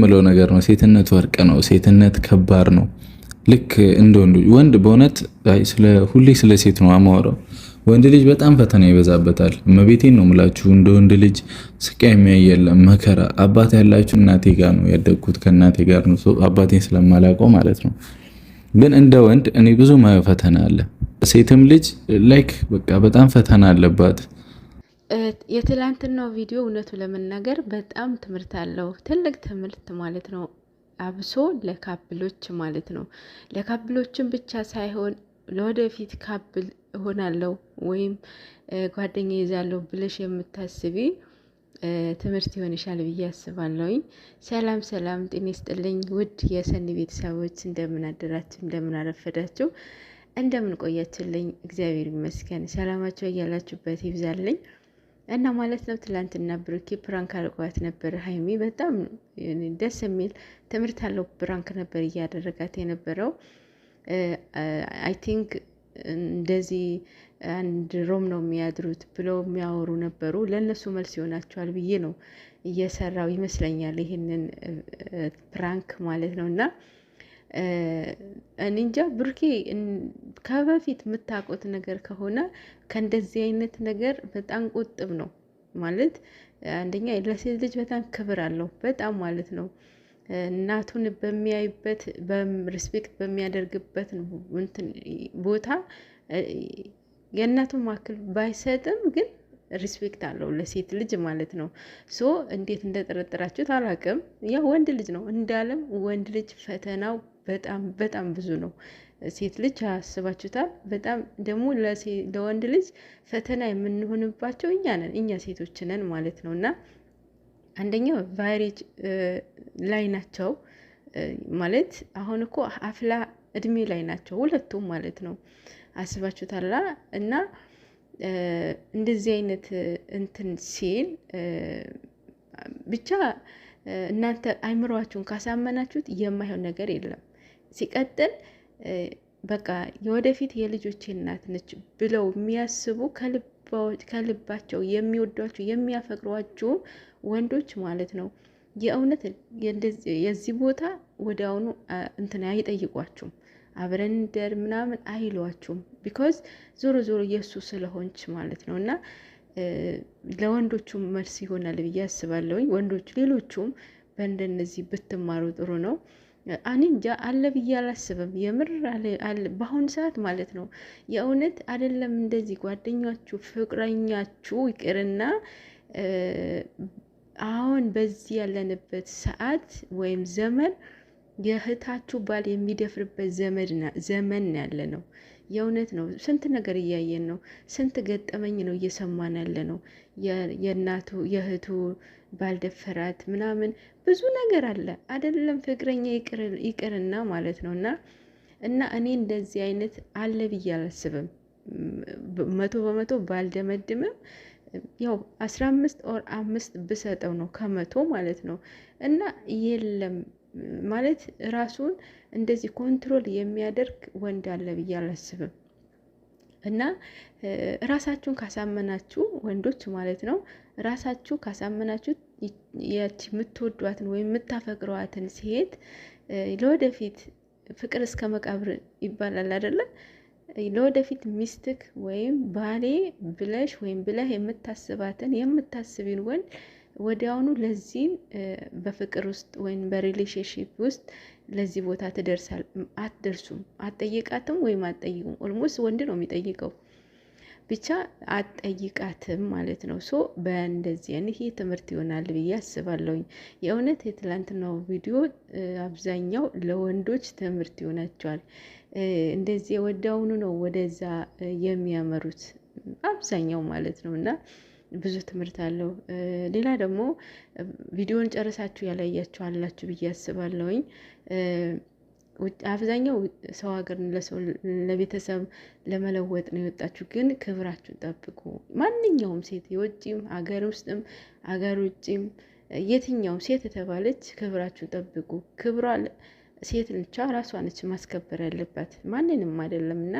የምለው ነገር ነው። ሴትነት ወርቅ ነው። ሴትነት ከባድ ነው። ልክ እንደ ወንዱ ወንድ በእውነት ሁሌ ስለ ሴት ነው አማወራው። ወንድ ልጅ በጣም ፈተና ይበዛበታል። እመቤቴን ነው ምላችሁ። እንደ ወንድ ልጅ ስቃይ የሚያይ የለም መከራ። አባት ያላችሁ እናቴ ጋር ነው ያደግኩት፣ ከእናቴ ጋር ነው። አባቴን ስለማላውቀው ማለት ነው። ግን እንደ ወንድ እኔ ብዙ ፈተና አለ። ሴትም ልጅ ላይክ በቃ በጣም ፈተና አለባት። የትላንትናው ቪዲዮ እውነቱ ለመናገር በጣም ትምህርት አለው፣ ትልቅ ትምህርት ማለት ነው። አብሶ ለካፕሎች ማለት ነው። ለካፕሎችን ብቻ ሳይሆን ለወደፊት ካፕል እሆናለሁ ወይም ጓደኛ ይዛለሁ ብለሽ የምታስቢ ትምህርት ይሆንሻል ብዬ አስባለሁኝ። ሰላም ሰላም፣ ጤና ይስጥልኝ ውድ የሰኒ ቤተሰቦች እንደምን አደራችሁ፣ እንደምን አረፈዳችሁ፣ እንደምን ቆያችሁልኝ? እግዚአብሔር ይመስገን። ሰላማችሁ እያላችሁበት ይብዛልኝ። እና ማለት ነው ትላንትና ብሩኬ ፕራንክ አድርጓት ነበር። ሀይሚ በጣም ደስ የሚል ትምህርት ያለው ፕራንክ ነበር እያደረጋት የነበረው። አይ ቲንክ እንደዚህ አንድ ሮም ነው የሚያድሩት ብለው የሚያወሩ ነበሩ። ለእነሱ መልስ ይሆናቸዋል ብዬ ነው እየሰራው ይመስለኛል ይህንን ፕራንክ ማለት ነው እና እኔ እንጃ ብሩኬ ከበፊት የምታውቁት ነገር ከሆነ ከእንደዚህ አይነት ነገር በጣም ቁጥብ ነው ማለት አንደኛ ለሴት ልጅ በጣም ክብር አለው በጣም ማለት ነው። እናቱን በሚያይበት ሪስፔክት በሚያደርግበት ቦታ የእናቱን ማክል ባይሰጥም ግን ሪስፔክት አለው ለሴት ልጅ ማለት ነው። ሶ እንዴት እንደጠረጠራችሁት አላቅም ያ ወንድ ልጅ ነው እንዳለም ወንድ ልጅ ፈተናው በጣም በጣም ብዙ ነው። ሴት ልጅ አስባችሁታል? በጣም ደግሞ ለወንድ ልጅ ፈተና የምንሆንባቸው እኛ ነን፣ እኛ ሴቶች ነን ማለት ነው እና አንደኛው ቫይሬጅ ላይ ናቸው ማለት አሁን እኮ አፍላ እድሜ ላይ ናቸው ሁለቱም ማለት ነው። አስባችሁታላ እና እንደዚህ አይነት እንትን ሲል ብቻ እናንተ አይምሯችሁን ካሳመናችሁት የማይሆን ነገር የለም። ሲቀጥል በቃ የወደፊት የልጆቼ እናት ነች ብለው የሚያስቡ ከልባቸው የሚወዷቸው የሚያፈቅሯቸው ወንዶች ማለት ነው። የእውነት የዚህ ቦታ ወደ አሁኑ እንትን አይጠይቋችሁም። አብረንደር ምናምን አይሏችሁም። ቢኮዝ ዞሮ ዞሮ የእሱ ስለሆንች ማለት ነው እና ለወንዶቹም መልስ ይሆናል ብዬ አስባለሁኝ። ወንዶቹ ሌሎቹም በእንደነዚህ ብትማሩ ጥሩ ነው። እኔ እንጃ አለ ብዬ አላስብም። የምር በአሁኑ ሰዓት ማለት ነው። የእውነት አይደለም እንደዚህ ጓደኛችሁ ፍቅረኛችሁ ይቅርና አሁን በዚህ ያለንበት ሰዓት ወይም ዘመን የእህታችሁ ባል የሚደፍርበት ዘመን ያለ ነው። የእውነት ነው። ስንት ነገር እያየን ነው። ስንት ገጠመኝ ነው እየሰማን ያለ ነው። የእናቱ የእህቱ ባልደፈራት ምናምን ብዙ ነገር አለ አይደለም ፍቅረኛ ይቅርና ማለት ነው። እና እና እኔ እንደዚህ አይነት አለ ብዬ አላስብም። መቶ በመቶ ባልደመድምም ያው አስራ አምስት ኦር አምስት ብሰጠው ነው ከመቶ ማለት ነው። እና የለም ማለት ራሱን እንደዚህ ኮንትሮል የሚያደርግ ወንድ አለ ብዬ አላስብም። እና ራሳችሁን ካሳመናችሁ ወንዶች ማለት ነው ራሳችሁ ካሳመናችሁ ያቺ የምትወዷትን ወይም የምታፈቅረዋትን ሴት ለወደፊት ፍቅር እስከ መቃብር ይባላል አይደለ? ለወደፊት ሚስትክ ወይም ባሌ ብለሽ ወይም ብለህ የምታስባትን የምታስቢን ወንድ ወዲያውኑ ለዚህ በፍቅር ውስጥ ወይም በሪሌሽንሽፕ ውስጥ ለዚህ ቦታ ትደርሳል። አትደርሱም። አትጠይቃትም ወይም አትጠይቁም። ኦልሞስት ወንድ ነው የሚጠይቀው ብቻ አጠይቃትም ማለት ነው። ሶ በእንደዚህ አይነት ይህ ትምህርት ይሆናል ብዬ አስባለሁኝ። የእውነት የትላንትናው ቪዲዮ አብዛኛው ለወንዶች ትምህርት ይሆናቸዋል። እንደዚህ ወዲያውኑ ነው ወደዛ የሚያመሩት አብዛኛው ማለት ነው እና ብዙ ትምህርት አለው። ሌላ ደግሞ ቪዲዮን ጨርሳችሁ ያላያችሁ አላችሁ ብዬ አስባለሁኝ። አብዛኛው ሰው ሀገር ለቤተሰብ ለመለወጥ ነው የወጣችሁ። ግን ክብራችሁ ጠብቁ። ማንኛውም ሴት የውጭም ሀገር ውስጥም ሀገር ውጭም የትኛውም ሴት የተባለች ክብራችሁ ጠብቁ። ክብሯ ሴት ልቻ ራሷ ነች ማስከበር ያለባት ማንንም አይደለም እና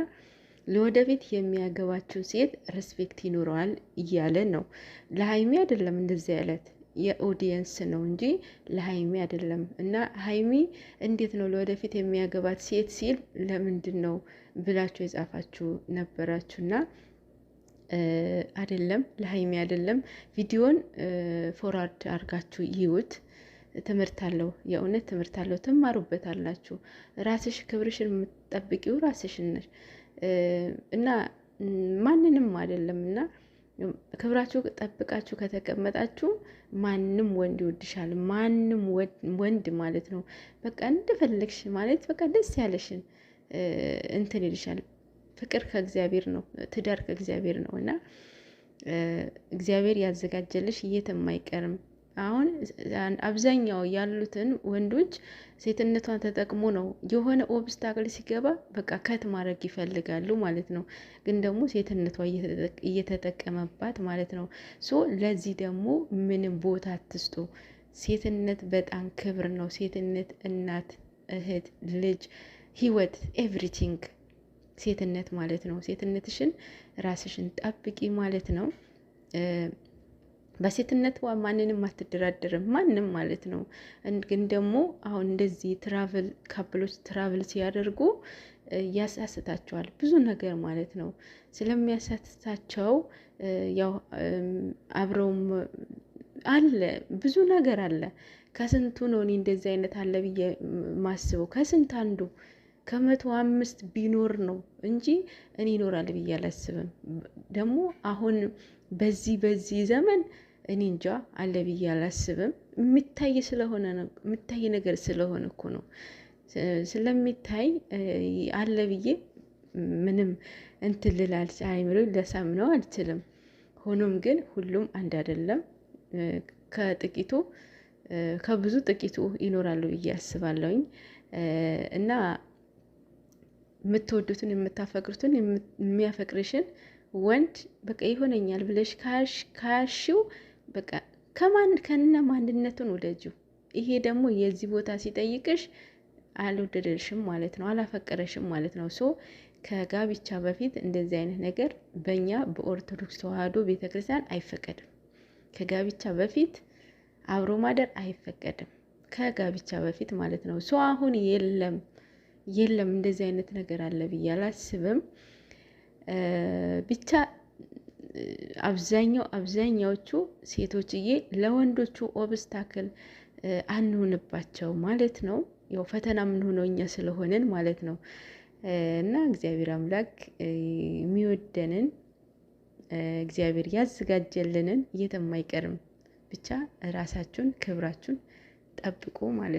ለወደፊት የሚያገባችው ሴት ሬስፔክት ይኖረዋል እያለ ነው። ለሀይሚ አይደለም እንደዚህ ያለት የኦዲየንስ ነው እንጂ ለሀይሚ አይደለም። እና ሀይሚ እንዴት ነው ለወደፊት የሚያገባት ሴት ሲል ለምንድን ነው ብላችሁ የጻፋችሁ ነበራችሁና አይደለም፣ ለሀይሚ አይደለም። ቪዲዮን ፎርዋርድ አድርጋችሁ ይዩት። ትምህርት አለው። የእውነት ትምህርት አለው። ትማሩበት አላችሁ። ራስሽ ክብርሽን የምትጠብቂው ራስሽን ነሽ እና ማንንም አይደለም እና ክብራችሁ ጠብቃችሁ ከተቀመጣችሁ ማንም ወንድ ይወድሻል። ማንም ወንድ ማለት ነው በቃ እንደፈለግሽ ማለት በቃ ደስ ያለሽን እንትን ይልሻል። ፍቅር ከእግዚአብሔር ነው። ትዳር ከእግዚአብሔር ነው እና እግዚአብሔር ያዘጋጀልሽ የትም አይቀርም። አሁን አብዛኛው ያሉትን ወንዶች ሴትነቷን ተጠቅሞ ነው የሆነ ኦብስታክል ሲገባ በቃ ከት ማድረግ ይፈልጋሉ ማለት ነው። ግን ደግሞ ሴትነቷ እየተጠቀመባት ማለት ነው። ሶ ለዚህ ደግሞ ምንም ቦታ አትስጡ። ሴትነት በጣም ክብር ነው። ሴትነት እናት፣ እህት፣ ልጅ፣ ህይወት፣ ኤቭሪቲንግ ሴትነት ማለት ነው። ሴትነትሽን ራስሽን ጠብቂ ማለት ነው። በሴትነት ማንንም አትደራደርም፣ ማንም ማለት ነው። ግን ደግሞ አሁን እንደዚህ ትራቭል ካፕሎች ትራቭል ሲያደርጉ ያሳስታቸዋል ብዙ ነገር ማለት ነው። ስለሚያሳስታቸው ያው አብረውም አለ ብዙ ነገር አለ። ከስንቱ ነው እኔ እንደዚህ አይነት አለ ብዬ ማስበው ከስንት አንዱ ከመቶ አምስት ቢኖር ነው እንጂ እኔ ይኖራል ብዬ አላስብም። ደግሞ አሁን በዚህ በዚህ ዘመን እኔ እንጃ አለ ብዬ አላስብም። የሚታይ ስለሆነ ነው የሚታይ ነገር ስለሆነ እኮ ነው ስለሚታይ አለ ብዬ ምንም እንትን ልል አይምሮ ለሳምነው አልችልም። ሆኖም ግን ሁሉም አንድ አይደለም። ከጥቂቱ ከብዙ ጥቂቱ ይኖራሉ ብዬ አስባለሁኝ እና የምትወዱትን የምታፈቅሩትን የሚያፈቅርሽን ወንድ በቃ ይሆነኛል ብለሽ ካሽው በቃ ከማን ከነ ማንነቱን ወደጁ። ይሄ ደግሞ የዚህ ቦታ ሲጠይቅሽ አልወደደሽም ማለት ነው፣ አላፈቀረሽም ማለት ነው። ሶ ከጋብቻ በፊት እንደዚህ አይነት ነገር በእኛ በኦርቶዶክስ ተዋህዶ ቤተክርስቲያን አይፈቀድም። ከጋብቻ በፊት አብሮ ማደር አይፈቀድም፣ ከጋብቻ በፊት ማለት ነው። ሶ አሁን የለም የለም እንደዚህ አይነት ነገር አለ ብዬ አላስብም ብቻ አብዛኛው አብዛኛዎቹ ሴቶችዬ ለወንዶቹ ኦብስታክል አንሆንባቸው ማለት ነው። ያው ፈተና የምንሆነው እኛ ስለሆንን ማለት ነው። እና እግዚአብሔር አምላክ የሚወደንን እግዚአብሔር ያዘጋጀልንን የትም አይቀርም። ብቻ ራሳችሁን ክብራችሁን ጠብቁ ማለት ነው።